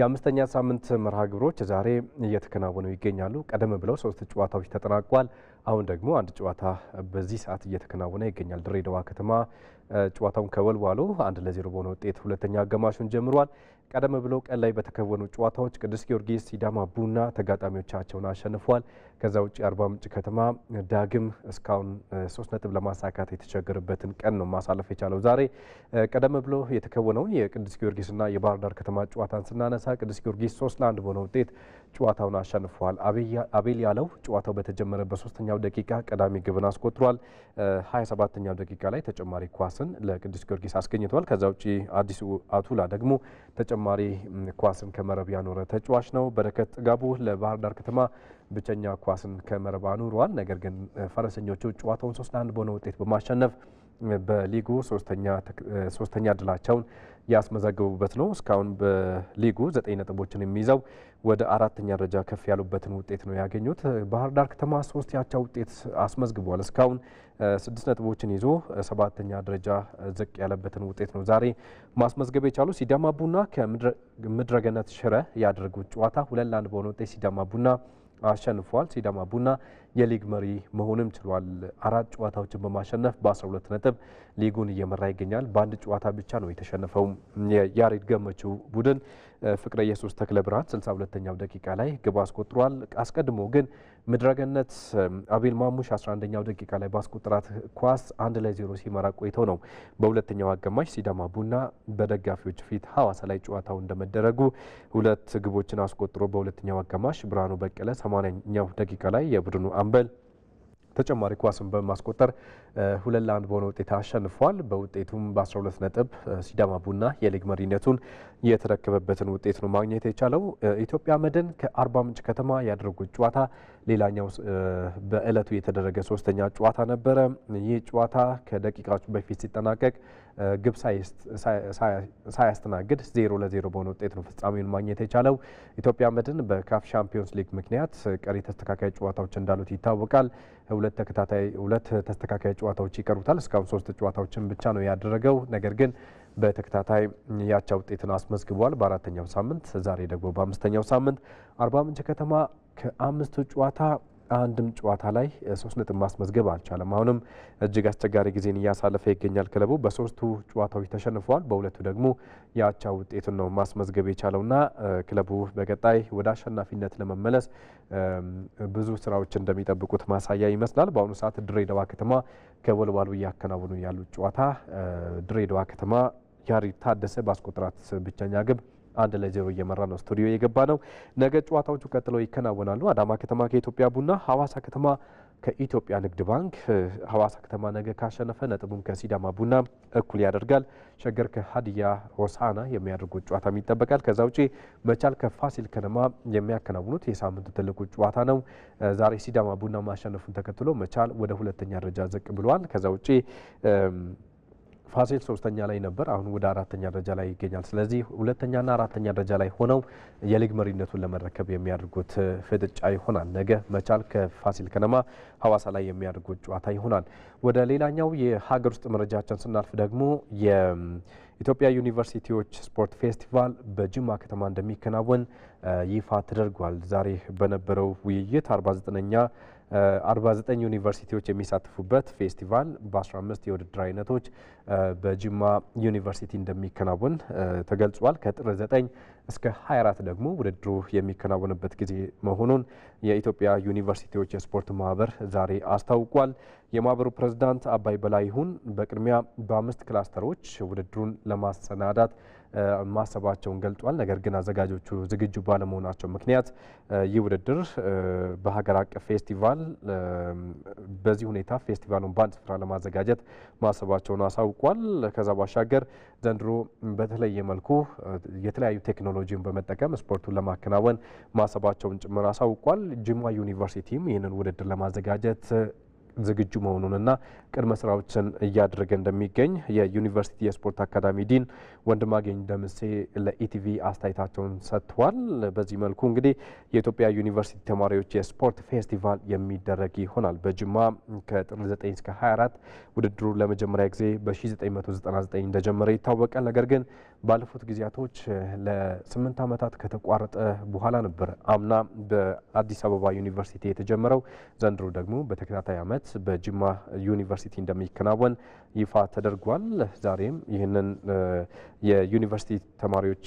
የአምስተኛ ሳምንት መርሃ ግብሮች ዛሬ እየተከናወኑ ይገኛሉ። ቀደም ብለው ሶስት ጨዋታዎች ተጠናቋል። አሁን ደግሞ አንድ ጨዋታ በዚህ ሰዓት እየተከናወነ ይገኛል። ድሬዳዋ ከተማ ጨዋታውን ከወልዋሎ አንድ ለዜሮ በሆነ ውጤት ሁለተኛ አጋማሹን ጀምሯል። ቀደም ብሎ ቀን ላይ በተከወኑ ጨዋታዎች ቅዱስ ጊዮርጊስ ሲዳማ ቡና ተጋጣሚዎቻቸውን አሸንፏል። ከዛ ውጭ አርባ ምንጭ ከተማ ዳግም እስካሁን ሶስት ነጥብ ለማሳካት የተቸገረበትን ቀን ነው ማሳለፍ የቻለው። ዛሬ ቀደም ብሎ የተከወነውን የቅዱስ ጊዮርጊስና የባህር ዳር ከተማ ጨዋታን ስናነሳ ቅዱስ ጊዮርጊስ ሶስት ለአንድ በሆነ ውጤት ጨዋታውን አሸንፈዋል። አቤል ያለው ጨዋታው በተጀመረ በሶስተኛው ደቂቃ ቀዳሚ ግብን አስቆጥሯል። 27ኛው ደቂቃ ላይ ተጨማሪ ኳስን ለቅዱስ ጊዮርጊስ አስገኝቷል። ከዛ ውጪ አዲሱ አቱላ ደግሞ ተጨማሪ ኳስን ከመረብ ያኖረ ተጫዋች ነው። በረከት ጥጋቡ ለባህር ዳር ከተማ ብቸኛ ኳስን ከመረብ አኑሯል። ነገር ግን ፈረሰኞቹ ጨዋታውን ሶስት ለአንድ በሆነ ውጤት በማሸነፍ በሊጉ ሶስተኛ ድላቸውን ያስመዘገቡበት ነው። እስካሁን በሊጉ ዘጠኝ ነጥቦችን የሚይዘው ወደ አራተኛ ደረጃ ከፍ ያሉበትን ውጤት ነው ያገኙት። ባህር ዳር ከተማ ሶስት ያቻ ውጤት አስመዝግቧል። እስካሁን ስድስት ነጥቦችን ይዞ ሰባተኛ ደረጃ ዝቅ ያለበትን ውጤት ነው ዛሬ ማስመዝገብ የቻሉ። ሲዳማ ቡና ከምድረገነት ሽረ ያደረጉት ጨዋታ ሁለት ለአንድ በሆነ ውጤት ሲዳማ ቡና አሸንፏል። ሲዳማ ቡና የሊግ መሪ መሆንም ችሏል። አራት ጨዋታዎችን በማሸነፍ በ12 ነጥብ ሊጉን እየመራ ይገኛል። በአንድ ጨዋታ ብቻ ነው የተሸነፈው የያሬድ ገመቹ ቡድን ፍቅረ ኢየሱስ ተክለ ብርሃን 62ኛው ደቂቃ ላይ ግብ አስቆጥሯል። አስቀድሞ ግን ምድረገነት አቤል ማሙሽ 11ኛው ደቂቃ ላይ ባስቆጠራት ኳስ አንድ ለዜሮ ሲመራ ቆይተው ነው በሁለተኛው አጋማሽ ሲዳማ ቡና በደጋፊዎች ፊት ሀዋሳ ላይ ጨዋታው እንደመደረጉ ሁለት ግቦችን አስቆጥሮ በሁለተኛው አጋማሽ ብርሃኑ በቀለ 80ኛው ደቂቃ ላይ የቡድኑ አምበል ተጨማሪ ኳስን በማስቆጠር ሁለት ለአንድ በሆነ ውጤት አሸንፏል። በውጤቱም በ12 ነጥብ ሲዳማ ቡና የሊግ መሪነቱን የተረከበበትን ውጤት ነው ማግኘት የቻለው። ኢትዮጵያ መድን ከአርባ ምንጭ ከተማ ያደረጉት ጨዋታ ሌላኛው በእለቱ የተደረገ ሶስተኛ ጨዋታ ነበረ። ይህ ጨዋታ ከደቂቃዎች በፊት ሲጠናቀቅ ግብ ሳያስተናግድ ዜሮ ለዜሮ በሆነ ውጤት ነው ፍጻሜውን ማግኘት የቻለው። ኢትዮጵያ መድን በካፍ ሻምፒዮንስ ሊግ ምክንያት ቀሪ ተስተካካይ ጨዋታዎች እንዳሉት ይታወቃል። ሁለት ተከታታይ ሁለት ተስተካካይ ጨዋታዎች ይቀሩታል። እስካሁን ሶስት ጨዋታዎችን ብቻ ነው ያደረገው። ነገር ግን በተከታታይ ያቻ ውጤትን አስመዝግቧል። በአራተኛው ሳምንት ዛሬ ደግሞ በአምስተኛው ሳምንት አርባ ምንጭ ከተማ ከአምስቱ ጨዋታ አንድም ጨዋታ ላይ ሶስት ነጥብ ማስመዝገብ አልቻለም። አሁንም እጅግ አስቸጋሪ ጊዜን እያሳለፈ ይገኛል። ክለቡ በሶስቱ ጨዋታዎች ተሸንፈዋል። በሁለቱ ደግሞ የአቻ ውጤቱን ነው ማስመዝገብ የቻለውና ክለቡ በቀጣይ ወደ አሸናፊነት ለመመለስ ብዙ ስራዎች እንደሚጠብቁት ማሳያ ይመስላል። በአሁኑ ሰዓት ድሬዳዋ ከተማ ከወልዋሎ እያከናወኑ ያሉት ጨዋታ ድሬዳዋ ከተማ ያሬድ ታደሰ ባስቆጠራት ብቸኛ ግብ አንድ ለዜሮ እየመራ ነው ስቱዲዮ የገባ ነው። ነገ ጨዋታዎቹ ቀጥለው ይከናወናሉ። አዳማ ከተማ ከኢትዮጵያ ቡና፣ ሀዋሳ ከተማ ከኢትዮጵያ ንግድ ባንክ። ሀዋሳ ከተማ ነገ ካሸነፈ ነጥቡን ከሲዳማ ቡና እኩል ያደርጋል። ሸገር ከሀዲያ ሆሳና የሚያደርጉት ጨዋታም ይጠበቃል። ከዛ ውጪ መቻል ከፋሲል ከነማ የሚያከናውኑት የሳምንቱ ትልቁ ጨዋታ ነው። ዛሬ ሲዳማ ቡና ማሸነፉን ተከትሎ መቻል ወደ ሁለተኛ ደረጃ ዝቅ ብሏል። ከዛ ውጪ ፋሲል ሶስተኛ ላይ ነበር። አሁን ወደ አራተኛ ደረጃ ላይ ይገኛል። ስለዚህ ሁለተኛና አራተኛ ደረጃ ላይ ሆነው የሊግ መሪነቱን ለመረከብ የሚያደርጉት ፍጥጫ ይሆናል። ነገ መቻል ከፋሲል ከነማ ሀዋሳ ላይ የሚያደርጉት ጨዋታ ይሆናል። ወደ ሌላኛው የሀገር ውስጥ መረጃችን ስናልፍ ደግሞ የኢትዮጵያ ዩኒቨርሲቲዎች ስፖርት ፌስቲቫል በጅማ ከተማ እንደሚከናወን ይፋ ተደርጓል። ዛሬ በነበረው ውይይት 49 ዘጠነኛ 49 ዩኒቨርሲቲዎች የሚሳተፉበት ፌስቲቫል በ15 የውድድር አይነቶች በጅማ ዩኒቨርሲቲ እንደሚከናወን ተገልጿል። ከጥር 9 እስከ 24 ደግሞ ውድድሩ የሚከናወንበት ጊዜ መሆኑን የኢትዮጵያ ዩኒቨርሲቲዎች የስፖርት ማህበር ዛሬ አስታውቋል። የማህበሩ ፕሬዝዳንት አባይ በላይሁን በቅድሚያ በአምስት ክላስተሮች ውድድሩን ለማሰናዳት ማሰባቸውን ገልጧል። ነገር ግን አዘጋጆቹ ዝግጁ ባለመሆናቸው ምክንያት ይህ ውድድር በሀገር አቀፍ ፌስቲቫል በዚህ ሁኔታ ፌስቲቫሉን በአንድ ስፍራ ለማዘጋጀት ማሰባቸውን አሳውቋል። ከዛ ባሻገር ዘንድሮ በተለየ መልኩ የተለያዩ ቴክኖሎጂን በመጠቀም ስፖርቱን ለማከናወን ማሰባቸውን ጭምር አሳውቋል። ጅማ ዩኒቨርሲቲም ይህንን ውድድር ለማዘጋጀት ዝግጁ መሆኑንና ቅድመ ስራዎችን እያደረገ እንደሚገኝ የዩኒቨርሲቲ የስፖርት አካዳሚ ዲን ወንድማገኝ ደምሴ ለኢቲቪ አስተያየታቸውን ሰጥቷል። በዚህ መልኩ እንግዲህ የኢትዮጵያ ዩኒቨርሲቲ ተማሪዎች የስፖርት ፌስቲቫል የሚደረግ ይሆናል። በጅማ ከጥር 9 እስከ 24 ውድድሩ ለመጀመሪያ ጊዜ በ1999 እንደጀመረ ይታወቃል። ነገር ግን ባለፉት ጊዜያቶች ለስምንት ዓመታት ከተቋረጠ በኋላ ነበር አምና በአዲስ አበባ ዩኒቨርሲቲ የተጀመረው። ዘንድሮ ደግሞ በተከታታይ ዓመት በጅማ ዩኒቨርሲቲ እንደሚከናወን ይፋ ተደርጓል። ዛሬም ይህንን የዩኒቨርሲቲ ተማሪዎች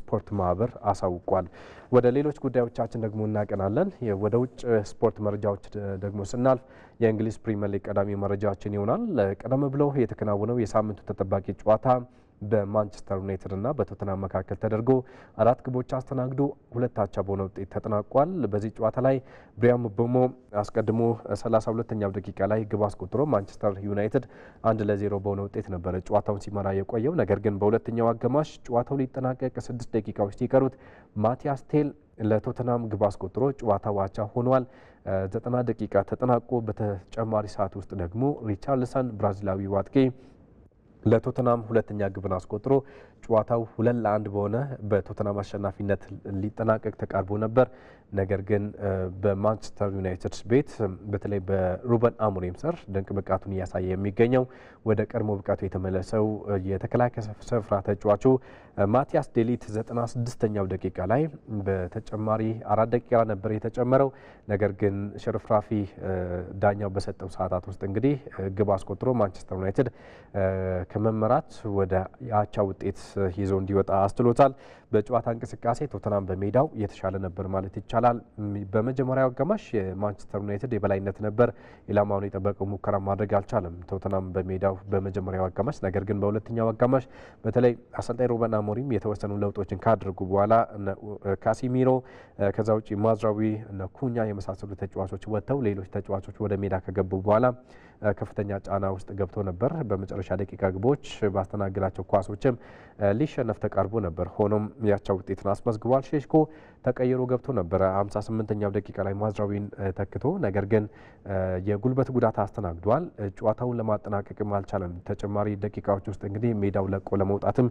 ስፖርት ማህበር አሳውቋል። ወደ ሌሎች ጉዳዮቻችን ደግሞ እናቀናለን። ወደ ውጭ ስፖርት መረጃዎች ደግሞ ስናልፍ የእንግሊዝ ፕሪምየር ሊግ ቀዳሚ መረጃችን ይሆናል። ቀደም ብለው የተከናወነው የሳምንቱ ተጠባቂ ጨዋታ በማንቸስተር ዩናይትድ እና በቶተናም መካከል ተደርጎ አራት ግቦች አስተናግዶ ሁለታቻ በሆነ ውጤት ተጠናቋል። በዚህ ጨዋታ ላይ ብሪያም ቦሞ አስቀድሞ 32ኛው ደቂቃ ላይ ግብ አስቆጥሮ ማንቸስተር ዩናይትድ አንድ ለዜሮ በሆነ ውጤት ነበረ ጨዋታውን ሲመራ የቆየው። ነገር ግን በሁለተኛው አጋማሽ ጨዋታው ሊጠናቀቅ ስድስት ደቂቃዎች ሲቀሩት ማቲያስ ቴል ለቶተናም ግብ አስቆጥሮ ጨዋታ ዋቻ ሆኗል። ዘጠና ደቂቃ ተጠናቆ በተጨማሪ ሰዓት ውስጥ ደግሞ ሪቻርልሰን ብራዚላዊ ዋጥቂ ለቶተናም ሁለተኛ ግብን አስቆጥሮ ጨዋታው ሁለት ለአንድ በሆነ በቶተናም አሸናፊነት ሊጠናቀቅ ተቃርቦ ነበር። ነገር ግን በማንቸስተር ዩናይትድ ቤት በተለይ በሩበን አሞሪም ስር ድንቅ ብቃቱን እያሳየ የሚገኘው ወደ ቀድሞ ብቃቱ የተመለሰው የተከላካይ ስፍራ ተጫዋቹ ማቲያስ ዴሊት 96ኛው ደቂቃ ላይ በተጨማሪ አራት ደቂቃ ነበር የተጨመረው። ነገር ግን ሽርፍራፊ ዳኛው በሰጠው ሰዓታት ውስጥ እንግዲህ ግብ አስቆጥሮ ማንቸስተር ዩናይትድ ከመመራት ወደ አቻ ውጤት ይዞ እንዲወጣ አስችሎታል። በጨዋታ እንቅስቃሴ ቶተናም በሜዳው የተሻለ ነበር ማለት ይቻላል። በመጀመሪያው አጋማሽ የማንቸስተር ዩናይትድ የበላይነት ነበር። ኢላማውን የጠበቀው ሙከራ ማድረግ አልቻለም ቶተናም በሜዳው በመጀመሪያው አጋማሽ። ነገር ግን በሁለተኛው አጋማሽ በተለይ አሰልጣኝ ሩበን አሞሪም የተወሰኑ ለውጦችን ካደረጉ በኋላ ካሲሚሮ፣ ከዛ ውጭ ማዝራዊ፣ ኩኛ የመሳሰሉ ተጫዋቾች ወጥተው ሌሎች ተጫዋቾች ወደ ሜዳ ከገቡ በኋላ ከፍተኛ ጫና ውስጥ ገብቶ ነበር። በመጨረሻ ደቂቃ ግቦች ባስተናግዳቸው ኳሶችም ሊሸነፍ ተቃርቦ ነበር ሆኖም miatt csak itt transmozgóval, ተቀይሮ ገብቶ ነበረ 58ኛው ደቂቃ ላይ ማዝራዊን ተክቶ፣ ነገር ግን የጉልበት ጉዳት አስተናግዷል። ጨዋታውን ለማጠናቀቅም አልቻለም። ተጨማሪ ደቂቃዎች ውስጥ እንግዲህ ሜዳው ለቆ ለመውጣትም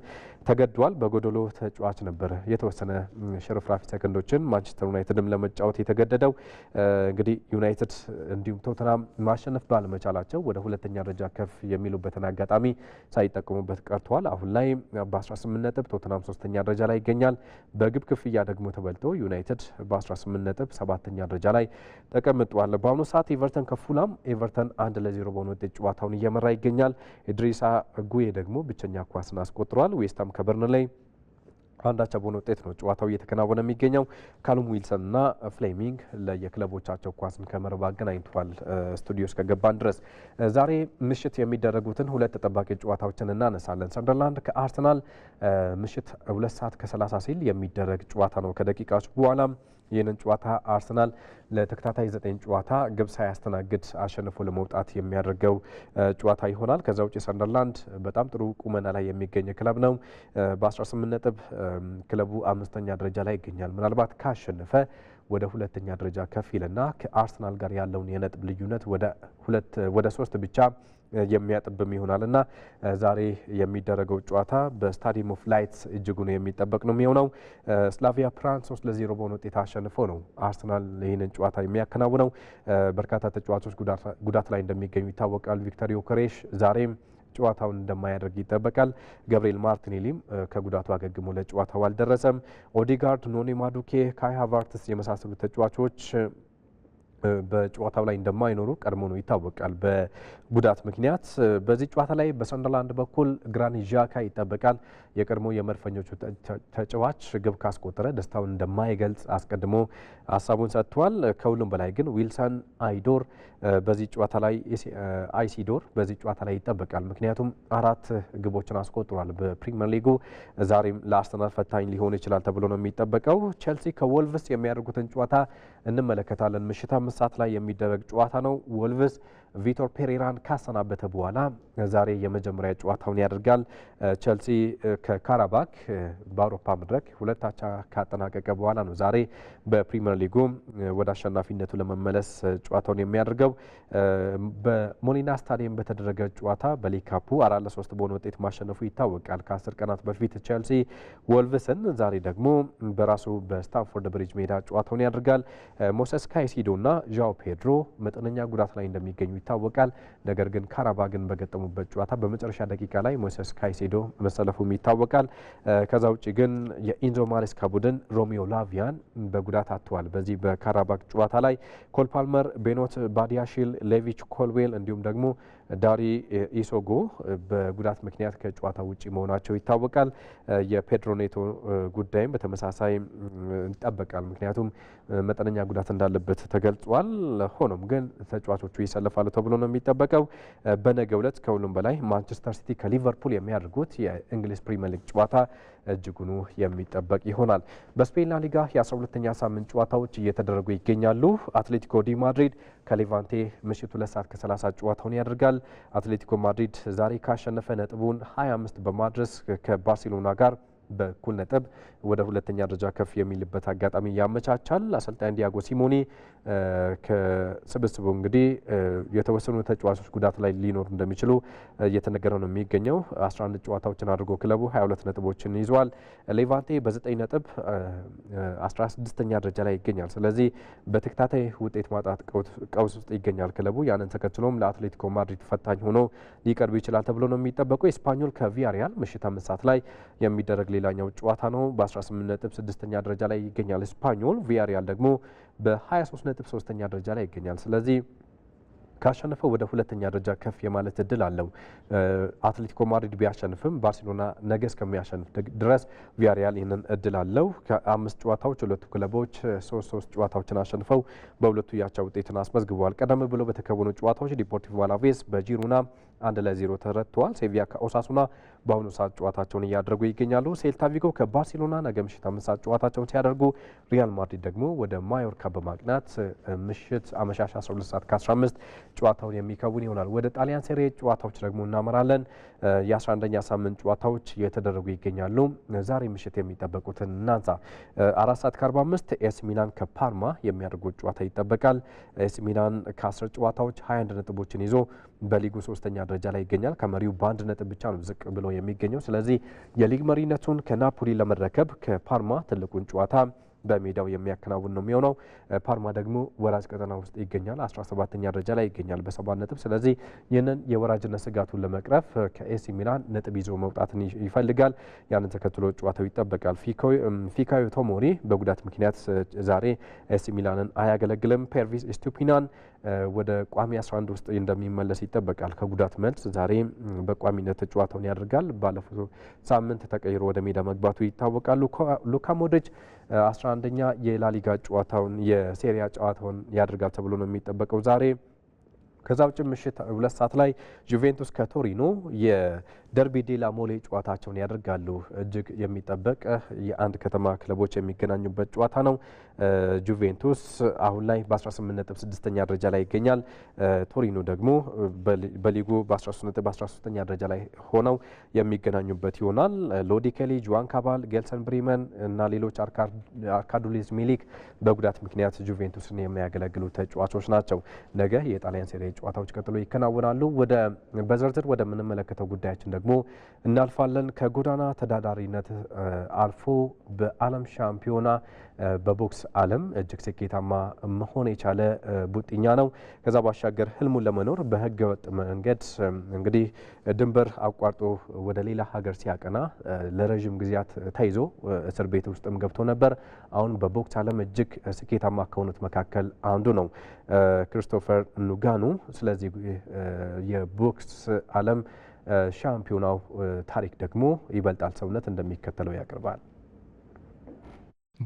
ተገዷል። በጎደሎ ተጫዋች ነበር የተወሰነ ሽርፍራፊ ሰከንዶችን ማንቸስተር ዩናይትድም ለመጫወት የተገደደው። እንግዲህ ዩናይትድ እንዲሁም ቶተናም ማሸነፍ ባለመቻላቸው ወደ ሁለተኛ ደረጃ ከፍ የሚሉበትን አጋጣሚ ሳይጠቀሙበት ቀርተዋል። አሁን ላይ በ18 ነጥብ ቶተናም ሶስተኛ ደረጃ ላይ ይገኛል። በግብ ክፍያ ደግሞ ተበል አበላልጦ ዩናይትድ በ18 ነጥብ ሰባተኛ ደረጃ ላይ ተቀምጧል። በአሁኑ ሰዓት ኤቨርተን ከፉላም ኤቨርተን አንድ ለዜሮ በሆነ ውጤት ጨዋታውን እየመራ ይገኛል። ኢድሪሳ ጉዬ ደግሞ ብቸኛ ኳስን አስቆጥሯል። ዌስትሃም ላይ አንዳቻ በሆነ ውጤት ነው ጨዋታው እየተከናወነ የሚገኘው። ካሉም ዊልሰን እና ፍሌሚንግ ለየክለቦቻቸው ኳስን ከመረብ አገናኝተዋል። ስቱዲዮ እስከገባን ድረስ ዛሬ ምሽት የሚደረጉትን ሁለት ተጠባቂ ጨዋታዎችን እናነሳለን። ሰንደርላንድ ከአርሰናል ምሽት ሁለት ሰዓት ከሰላሳ ሲል የሚደረግ ጨዋታ ነው። ከደቂቃዎች በኋላም ይህንን ጨዋታ አርሰናል ለተከታታይ ዘጠኝ ጨዋታ ግብ ሳያስተናግድ አሸንፎ ለመውጣት የሚያደርገው ጨዋታ ይሆናል። ከዛ ውጭ ሰንደርላንድ በጣም ጥሩ ቁመና ላይ የሚገኝ ክለብ ነው። በ18 ነጥብ ክለቡ አምስተኛ ደረጃ ላይ ይገኛል። ምናልባት ካሸነፈ ወደ ሁለተኛ ደረጃ ከፍ ይልና ከአርሰናል ጋር ያለውን የነጥብ ልዩነት ወደ ሶስት ብቻ የሚያጥብም ይሆናል እና ዛሬ የሚደረገው ጨዋታ በስታዲየም ኦፍ ላይትስ ነው የሚጠበቅ ነው የሚሆነው። ስላቪያ ፕራን ሶስት ለዜሮ በሆነ ውጤት አሸንፎ ነው አርሰናል ይህንን ጨዋታ የሚያከናውነው። በርካታ ተጫዋቾች ጉዳት ላይ እንደሚገኙ ይታወቃል። ቪክተር ዮከሬሽ ዛሬም ጨዋታውን እንደማያደርግ ይጠበቃል። ገብርኤል ማርቲኔሊም ከጉዳቱ አገግሞ ለጨዋታው አልደረሰም። ኦዲጋርድ፣ ኖኒ ማዱኬ፣ ካይ ሃቫርትስ የመሳሰሉ ተጫዋቾች በጨዋታው ላይ እንደማይኖሩ ቀድሞ ነው ይታወቃል። ጉዳት ምክንያት በዚህ ጨዋታ ላይ በሰንደርላንድ በኩል ግራኒት ዣካ ይጠበቃል። የቀድሞ የመድፈኞቹ ተጫዋች ግብ ካስቆጠረ ደስታውን እንደማይገልጽ አስቀድሞ ሀሳቡን ሰጥቷል። ከሁሉም በላይ ግን ዊልሰን አይዶር በዚህ ጨዋታ ላይ አይሲዶር በዚህ ጨዋታ ላይ ይጠበቃል። ምክንያቱም አራት ግቦችን አስቆጥሯል በፕሪሚየር ሊጉ። ዛሬም ለአርሰናል ፈታኝ ሊሆን ይችላል ተብሎ ነው የሚጠበቀው። ቼልሲ ከወልቭስ የሚያደርጉትን ጨዋታ እንመለከታለን። ምሽት አምስት ሰዓት ላይ የሚደረግ ጨዋታ ነው። ወልቭስ ቪቶር ፔሬራን ካሰናበተ በኋላ ዛሬ የመጀመሪያ ጨዋታውን ያደርጋል። ቸልሲ ከካራባክ በአውሮፓ መድረክ ሁለት አቻ ካጠናቀቀ በኋላ ነው ዛሬ በፕሪምየር ሊጉ ወደ አሸናፊነቱ ለመመለስ ጨዋታውን የሚያደርገው። በሞሊና ስታዲየም በተደረገ ጨዋታ በሊግ ካፑ አራት ለሶስት በሆነ ውጤት ማሸነፉ ይታወቃል። ከአስር ቀናት በፊት ቸልሲ ወልቭስን፣ ዛሬ ደግሞ በራሱ በስታንፎርድ ብሪጅ ሜዳ ጨዋታውን ያደርጋል። ሞሰስ ካይሲዶና ዣው ፔድሮ መጠነኛ ጉዳት ላይ እንደሚገኙ ይታወቃል። ነገር ግን ካራባግን በገጠሙበት ጨዋታ በመጨረሻ ደቂቃ ላይ ሞሴስ ካይሴዶ መሰለፉም ይታወቃል። ከዛ ውጭ ግን የኢንዞ ማሬስካ ቡድን ሮሚዮ ላቪያን በጉዳት አጥተዋል። በዚህ በካራባግ ጨዋታ ላይ ኮል ፓልመር፣ ቤኖት ባዲያሺል፣ ሌቪች ኮልዌል እንዲሁም ደግሞ ዳሪ ኢሶጎ በጉዳት ምክንያት ከጨዋታ ውጪ መሆናቸው ይታወቃል። የፔድሮ ኔቶ ጉዳይም በተመሳሳይ ይጠበቃል። ምክንያቱም መጠነኛ ጉዳት እንዳለበት ተገልጿል። ሆኖም ግን ተጫዋቾቹ ይሰለፋሉ ተብሎ ነው የሚጠበቀው። በነገ ዕለት ከሁሉም በላይ ማንቸስተር ሲቲ ከሊቨርፑል የሚያደርጉት የእንግሊዝ ፕሪሚየር ሊግ ጨዋታ እጅጉኑ የሚጠበቅ ይሆናል። በስፔን ላሊጋ የ12ኛ ሳምንት ጨዋታዎች እየተደረጉ ይገኛሉ። አትሌቲኮ ዲ ማድሪድ ከሌቫንቴ ምሽት ሁለት ሰዓት ከ30 ጨዋታውን ያደርጋል። አትሌቲኮ ማድሪድ ዛሬ ካሸነፈ ነጥቡን 25 በማድረስ ከባርሴሎና ጋር በኩል ነጥብ ወደ ሁለተኛ ደረጃ ከፍ የሚልበት አጋጣሚ ያመቻቻል። አሰልጣኝ ዲያጎ ሲሞኔ ከስብስቡ እንግዲህ የተወሰኑ ተጫዋቾች ጉዳት ላይ ሊኖሩ እንደሚችሉ እየተነገረ ነው የሚገኘው። 11 ጨዋታዎችን አድርጎ ክለቡ 22 ነጥቦችን ይዟል። ሌቫንቴ በ9 ነጥብ 16ኛ ደረጃ ላይ ይገኛል። ስለዚህ በተከታታይ ውጤት ማጣት ቀውስ ውስጥ ይገኛል ክለቡ። ያንን ተከትሎም ለአትሌቲኮ ማድሪድ ፈታኝ ሆኖ ሊቀርብ ይችላል ተብሎ ነው የሚጠበቀው። ኤስፓኞል ከቪያሪያል ምሽት አምስት ሰዓት ላይ የሚደረግ ሌላኛው ጨዋታ ነው። በ18 ነጥብ ስድስተኛ ደረጃ ላይ ይገኛል ስፓኞል። ቪያሪያል ደግሞ በ23 ነጥብ ሶስተኛ ደረጃ ላይ ይገኛል። ስለዚህ ካሸነፈው ወደ ሁለተኛ ደረጃ ከፍ የማለት እድል አለው። አትሌቲኮ ማድሪድ ቢያሸንፍም ባርሴሎና ነገ እስከሚያሸንፍ ድረስ ቪያሪያል ይህንን እድል አለው። ከአምስት ጨዋታዎች ሁለቱ ክለቦች ሶስት ሶስት ጨዋታዎችን አሸንፈው በሁለቱ ያቻ ውጤትን አስመዝግበዋል። ቀደም ብሎ በተከወኑ ጨዋታዎች ዲፖርቲቭ አላቬስ በጂሩና አንድ ለዜሮ ተረትተዋል። ሴቪያ ከኦሳሱና በአሁኑ ሰዓት ጨዋታቸውን እያደረጉ ይገኛሉ። ሴልታ ቪጎ ከባርሴሎና ነገ ምሽት አምስት ሰዓት ጨዋታቸውን ሲያደርጉ ሪያል ማድሪድ ደግሞ ወደ ማዮርካ በማቅናት ምሽት አመሻሽ 12 ሰዓት ከ15 ጨዋታውን የሚከውን ይሆናል። ወደ ጣሊያን ሴሬ ጨዋታዎች ደግሞ እናመራለን። የ11ኛ ሳምንት ጨዋታዎች እየተደረጉ ይገኛሉ። ዛሬ ምሽት የሚጠበቁትን እናንሳ። አራት ሰዓት ከአርባ አምስት ኤስ ሚላን ከፓርማ የሚያደርጉት ጨዋታ ይጠበቃል። ኤስ ሚላን ከአስር 10 ጨዋታዎች 21 ነጥቦችን ይዞ በሊጉ ሶስተኛ ደረጃ ላይ ይገኛል። ከመሪው በአንድ ነጥብ ብቻ ነው ዝቅ ብሎ የሚገኘው። ስለዚህ የሊግ መሪነቱን ከናፖሊ ለመረከብ ከፓርማ ትልቁን ጨዋታ በሜዳው የሚያከናውን ነው የሚሆነው። ፓርማ ደግሞ ወራጅ ቀጠና ውስጥ ይገኛል። 17ኛ ደረጃ ላይ ይገኛል በሰባት ነጥብ። ስለዚህ ይህንን የወራጅነት ስጋቱን ለመቅረፍ ከኤሲ ሚላን ነጥብ ይዞ መውጣትን ይፈልጋል። ያንን ተከትሎ ጨዋታው ይጠበቃል። ፊካዮ ቶሞሪ በጉዳት ምክንያት ዛሬ ኤሲ ሚላንን አያገለግልም። ፔርቪስ ስቱፒናን ወደ ቋሚ 11 ውስጥ እንደሚመለስ ይጠበቃል። ከጉዳት መልስ ዛሬ በቋሚነት ጨዋታውን ያደርጋል። ባለፉ ሳምንት ተቀይሮ ወደ ሜዳ መግባቱ ይታወቃል። ሉካ ሞድሪች አንደኛ የላሊጋ ጨዋታውን የሴሪያ ጨዋታውን ያደርጋል ተብሎ ነው የሚጠበቀው ዛሬ። ከዛ ውጭ ምሽት ሁለት ሰዓት ላይ ጁቬንቱስ ከቶሪኖ ደርቢ ዴላ ሞሌ ጨዋታቸውን ያደርጋሉ። እጅግ የሚጠበቅ የአንድ ከተማ ክለቦች የሚገናኙበት ጨዋታ ነው። ጁቬንቱስ አሁን ላይ በ18 ነጥብ ስድስተኛ ደረጃ ላይ ይገኛል። ቶሪኖ ደግሞ በሊጉ በ13 ነጥብ 13ኛ ደረጃ ላይ ሆነው የሚገናኙበት ይሆናል። ሎዲከሊ፣ ጁዋን ካባል፣ ጌልሰን ብሪመን እና ሌሎች አርካዱሊዝ ሚሊክ በጉዳት ምክንያት ጁቬንቱስን የሚያገለግሉ ተጫዋቾች ናቸው። ነገ የጣሊያን ሴሪ ጨዋታዎች ቀጥሎ ይከናወናሉ። ወደ በዝርዝር ወደምንመለከተው ጉዳያችን ደግሞ እናልፋለን። ከጎዳና ተዳዳሪነት አልፎ በዓለም ሻምፒዮና በቦክስ ዓለም እጅግ ስኬታማ መሆን የቻለ ቡጢኛ ነው። ከዛ ባሻገር ህልሙን ለመኖር በህገ ወጥ መንገድ እንግዲህ ድንበር አቋርጦ ወደ ሌላ ሀገር ሲያቀና ለረዥም ጊዜያት ተይዞ እስር ቤት ውስጥም ገብቶ ነበር። አሁን በቦክስ ዓለም እጅግ ስኬታማ ከሆኑት መካከል አንዱ ነው ክሪስቶፈር ኑጋኑ። ስለዚህ የቦክስ ዓለም ሻምፒዮናው ታሪክ ደግሞ ይበልጣል ሰውነት እንደሚከተለው ያቀርባል።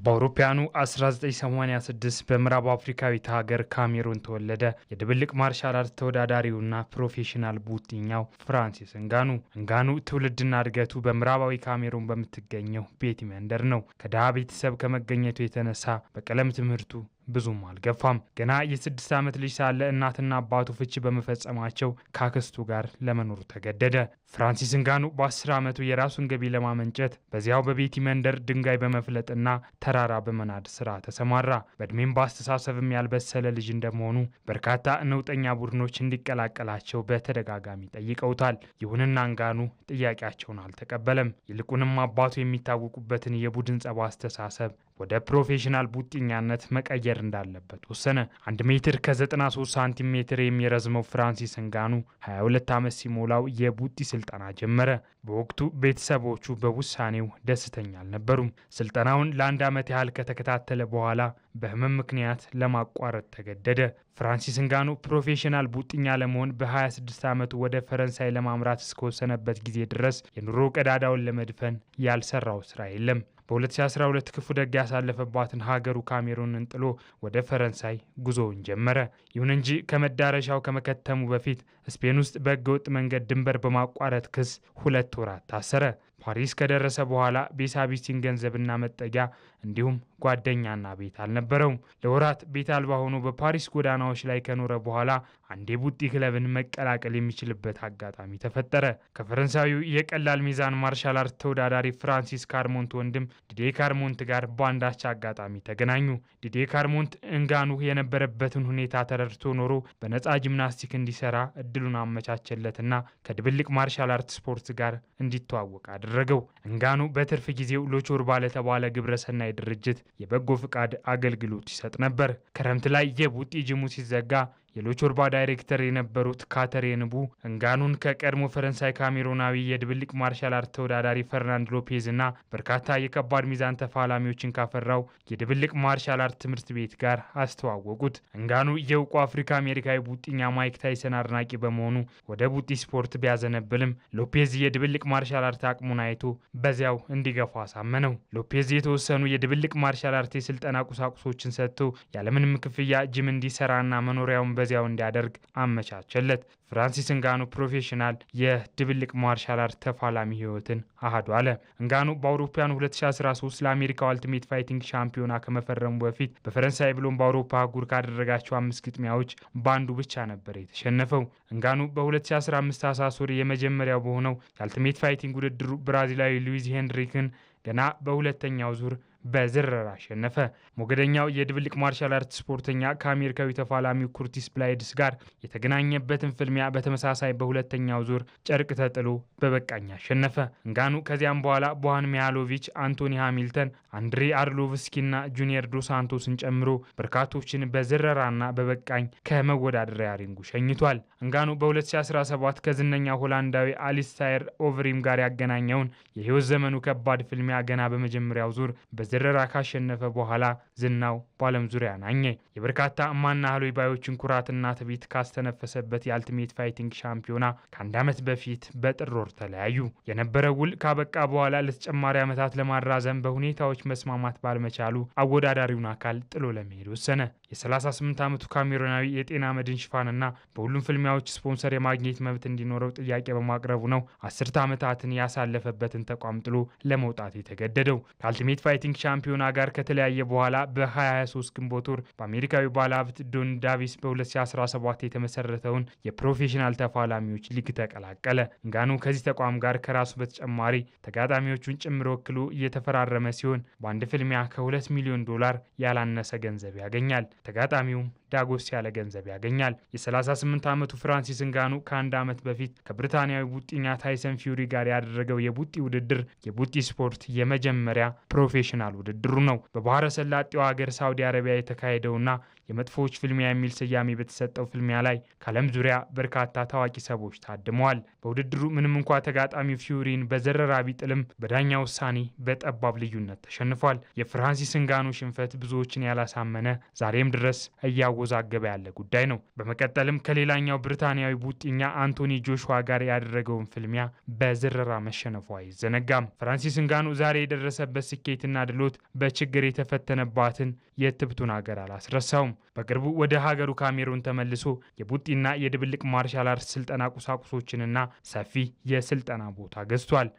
በአውሮፓውያኑ 1986 በምዕራብ አፍሪካዊት ሀገር ካሜሩን ተወለደ የድብልቅ ማርሻል አርት ተወዳዳሪውና ፕሮፌሽናል ቡጢኛው ፍራንሲስ እንጋኑ። እንጋኑ ትውልድና እድገቱ በምዕራባዊ ካሜሩን በምትገኘው ቤት መንደር ነው። ከድሃ ቤተሰብ ከመገኘቱ የተነሳ በቀለም ትምህርቱ ብዙም አልገፋም። ገና የስድስት ዓመት ልጅ ሳለ እናትና አባቱ ፍቺ በመፈጸማቸው ከአክስቱ ጋር ለመኖር ተገደደ። ፍራንሲስ እንጋኑ በአስር ዓመቱ የራሱን ገቢ ለማመንጨት በዚያው በቤቲ መንደር ድንጋይ በመፍለጥና ተራራ በመናድ ስራ ተሰማራ። በእድሜም በአስተሳሰብም ያልበሰለ ልጅ እንደመሆኑ በርካታ ነውጠኛ ቡድኖች እንዲቀላቀላቸው በተደጋጋሚ ጠይቀውታል። ይሁንና እንጋኑ ጥያቄያቸውን አልተቀበለም። ይልቁንም አባቱ የሚታወቁበትን የቡድን ጸባ አስተሳሰብ ወደ ፕሮፌሽናል ቡጢኛነት መቀየር እንዳለበት ወሰነ። 1 ሜትር ከ93 ሳንቲሜትር የሚረዝመው ፍራንሲስ እንጋኑ 22 ዓመት ሲሞላው የቡጢ ስልጠና ጀመረ። በወቅቱ ቤተሰቦቹ በውሳኔው ደስተኛ አልነበሩም። ስልጠናውን ለአንድ ዓመት ያህል ከተከታተለ በኋላ በህመም ምክንያት ለማቋረጥ ተገደደ። ፍራንሲስ እንጋኑ ፕሮፌሽናል ቡጢኛ ለመሆን በ26 ዓመቱ ወደ ፈረንሳይ ለማምራት እስከወሰነበት ጊዜ ድረስ የኑሮ ቀዳዳውን ለመድፈን ያልሰራው ስራ የለም። በ2012 ክፉ ደግ ያሳለፈባትን ሀገሩ ካሜሩንን ጥሎ ወደ ፈረንሳይ ጉዞውን ጀመረ። ይሁን እንጂ ከመዳረሻው ከመከተሙ በፊት ስፔን ውስጥ በህገወጥ መንገድ ድንበር በማቋረጥ ክስ ሁለት ወራት ታሰረ። ፓሪስ ከደረሰ በኋላ ቤሳቢሲን ገንዘብና መጠጊያ እንዲሁም ጓደኛና ቤት አልነበረውም። ለወራት ቤት አልባ ሆኖ በፓሪስ ጎዳናዎች ላይ ከኖረ በኋላ አንዴ ቡጢ ክለብን መቀላቀል የሚችልበት አጋጣሚ ተፈጠረ። ከፈረንሳዊው የቀላል ሚዛን ማርሻል አርት ተወዳዳሪ ፍራንሲስ ካርሞንት ወንድም ዲዴ ካርሞንት ጋር በአንዳች አጋጣሚ ተገናኙ። ዲዴ ካርሞንት እንጋኑ የነበረበትን ሁኔታ ተረድቶ ኖሮ በነፃ ጂምናስቲክ እንዲሰራ እድሉን አመቻቸለትና ከድብልቅ ማርሻል አርት ስፖርት ጋር እንዲተዋወቅ አደረገው። እንጋኑ በትርፍ ጊዜው ሎቾር ባለተባለ ግብረሰናይ ድርጅት የበጎ ፍቃድ አገልግሎት ይሰጥ ነበር። ክረምት ላይ የቡጢ ጅሙ ሲዘጋ የሎቾርባ ዳይሬክተር የነበሩት ካተር የንቡ እንጋኑን ከቀድሞ ፈረንሳይ ካሜሮናዊ የድብልቅ ማርሻል አርት ተወዳዳሪ ፈርናንድ ሎፔዝ እና በርካታ የከባድ ሚዛን ተፋላሚዎችን ካፈራው የድብልቅ ማርሻል አርት ትምህርት ቤት ጋር አስተዋወቁት። እንጋኑ የእውቁ አፍሪካ አሜሪካዊ ቡጢኛ ማይክ ታይሰን አድናቂ በመሆኑ ወደ ቡጢ ስፖርት ቢያዘነብልም ሎፔዝ የድብልቅ ማርሻል አርት አቅሙን አይቶ በዚያው እንዲገፉ አሳመነው። ሎፔዝ የተወሰኑ የድብልቅ ማርሻል አርት የስልጠና ቁሳቁሶችን ሰጥቶ ያለምንም ክፍያ ጅም እንዲሰራና መኖሪያውን በዚያው እንዲያደርግ አመቻቸለት። ፍራንሲስ እንጋኑ ፕሮፌሽናል የድብልቅ ማርሻል አርት ተፋላሚ ህይወትን አህዱ አለ። እንጋኑ በአውሮፓውያኑ 2013 ለአሜሪካው አልቲሜት ፋይቲንግ ሻምፒዮና ከመፈረሙ በፊት በፈረንሳይ ብሎም በአውሮፓ አህጉር ካደረጋቸው አምስት ግጥሚያዎች በአንዱ ብቻ ነበር የተሸነፈው። እንጋኑ በ2015 አሳሶር የመጀመሪያው በሆነው የአልቲሜት ፋይቲንግ ውድድሩ ብራዚላዊ ሉዊዝ ሄንሪክን ገና በሁለተኛው ዙር በዝረራ አሸነፈ። ሞገደኛው የድብልቅ ማርሻል አርት ስፖርተኛ ከአሜሪካዊ ተፋላሚው ኩርቲስ ብላይድስ ጋር የተገናኘበትን ፍልሚያ በተመሳሳይ በሁለተኛው ዙር ጨርቅ ተጥሎ በበቃኝ አሸነፈ። እንጋኑ ከዚያም በኋላ ቦሃን ሚያሎቪች፣ አንቶኒ ሃሚልተን፣ አንድሬ አርሎቭስኪና ጁኒየር ዶ ሳንቶስን ጨምሮ በርካቶችን በዝረራና በበቃኝ ከመወዳደሪያ ሪንጉ ሸኝቷል። እንጋኑ በ2017 ከዝነኛ ሆላንዳዊ አሊስታየር ኦቨሪም ጋር ያገናኘውን የህይወት ዘመኑ ከባድ ፍልሚያ ገና በመጀመሪያው ዙር በ ዘረራ ካሸነፈ በኋላ ዝናው በዓለም ዙሪያ ናኘ። የበርካታ እማና ህሎይ ባዮችን ኩራትና ትቢት ካስተነፈሰበት የአልቲሜት ፋይቲንግ ሻምፒዮና ከአንድ ዓመት በፊት በጥር ወር ተለያዩ። የነበረው ውል ካበቃ በኋላ ለተጨማሪ ዓመታት ለማራዘም በሁኔታዎች መስማማት ባለመቻሉ አወዳዳሪውን አካል ጥሎ ለመሄድ ወሰነ። የ38 ዓመቱ ካሜሮናዊ የጤና መድን ሽፋንና በሁሉም ፍልሚያዎች ስፖንሰር የማግኘት መብት እንዲኖረው ጥያቄ በማቅረቡ ነው አስርተ ዓመታትን ያሳለፈበትን ተቋም ጥሎ ለመውጣት የተገደደው። ከአልቲሜት ፋይቲንግ ሻምፒዮና ጋር ከተለያየ በኋላ በ2023 ግንቦት ወር በአሜሪካዊ ባለሀብት ዶን ዳቪስ በ2017 የተመሰረተውን የፕሮፌሽናል ተፋላሚዎች ሊግ ተቀላቀለ። እንጋኑ ከዚህ ተቋም ጋር ከራሱ በተጨማሪ ተጋጣሚዎቹን ጭምር ወክሎ እየተፈራረመ ሲሆን በአንድ ፍልሚያ ከ2 ሚሊዮን ዶላር ያላነሰ ገንዘብ ያገኛል። ተጋጣሚውም ዳጎስ ያለ ገንዘብ ያገኛል። የ38 ዓመቱ ፍራንሲስ እንጋኑ ከአንድ ዓመት በፊት ከብሪታንያዊ ቡጢኛ ታይሰን ፊውሪ ጋር ያደረገው የቡጢ ውድድር የቡጢ ስፖርት የመጀመሪያ ፕሮፌሽናል ውድድሩ ነው። በባህረ ሰላጤው ሀገር ሳውዲ አረቢያ የተካሄደውና የመጥፎዎች ፍልሚያ የሚል ስያሜ በተሰጠው ፍልሚያ ላይ ከዓለም ዙሪያ በርካታ ታዋቂ ሰዎች ታድመዋል። በውድድሩ ምንም እንኳ ተጋጣሚው ፊውሪን በዘረራ ቢጥልም በዳኛ ውሳኔ በጠባብ ልዩነት ተሸንፏል። የፍራንሲስ እንጋኑ ሽንፈት ብዙዎችን ያላሳመነ ዛሬም ድረስ እያወ እያወዛገበ ያለ ጉዳይ ነው። በመቀጠልም ከሌላኛው ብሪታንያዊ ቡጢኛ አንቶኒ ጆሹዋ ጋር ያደረገውን ፍልሚያ በዝረራ መሸነፉ አይዘነጋም። ፍራንሲስ እንጋኑ ዛሬ የደረሰበት ስኬትና ድሎት በችግር የተፈተነባትን የትብቱን ሀገር አላስረሳውም። በቅርቡ ወደ ሀገሩ ካሜሩን ተመልሶ የቡጢና የድብልቅ ማርሻል አርት ስልጠና ቁሳቁሶችንና ሰፊ የስልጠና ቦታ ገዝቷል።